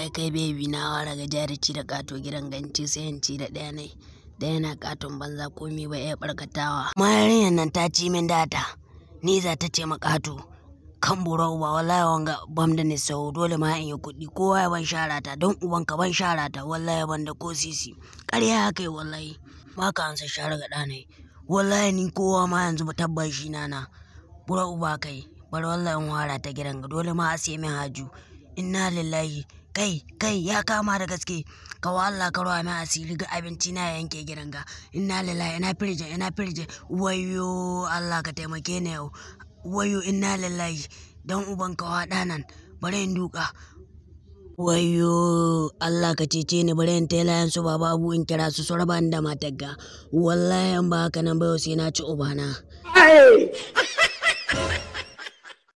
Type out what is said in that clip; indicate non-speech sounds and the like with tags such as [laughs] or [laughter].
ai kai baby na wara ga jarici da kato gidan ganci sai ci da ɗaya ne da yana katon banza komi ba ya barkatawa mayarinyar nan ta ci min data ni za ta ce makato kan burau ba wallahi wanga bam da ni sau dole ma in yi kuɗi kowa ya ban shara ta don uban ka ban shara ta wallahi ban da ko sisi ƙarya kai wallahi ba ka ansa shara ga ɗana wallahi ni kowa ma yanzu ba tabbar shi na na burau ba kai bar wallahi in wara ta gidan ga dole ma a sai min haju inna lillahi kai kai ya kama da gaske kawo Allah ka rawa mai asiri ga abinci na yanke gidan ga inna lillahi ina firje ina firje wayo Allah ka taimake ni yau wayo inna lillahi dan uban ka wada nan bari in duka wayo Allah ka cece ni bari in tela yan su baba abu in kira su su raba da matagga wallahi an ba haka nan ba yau sai na ci ubana [laughs]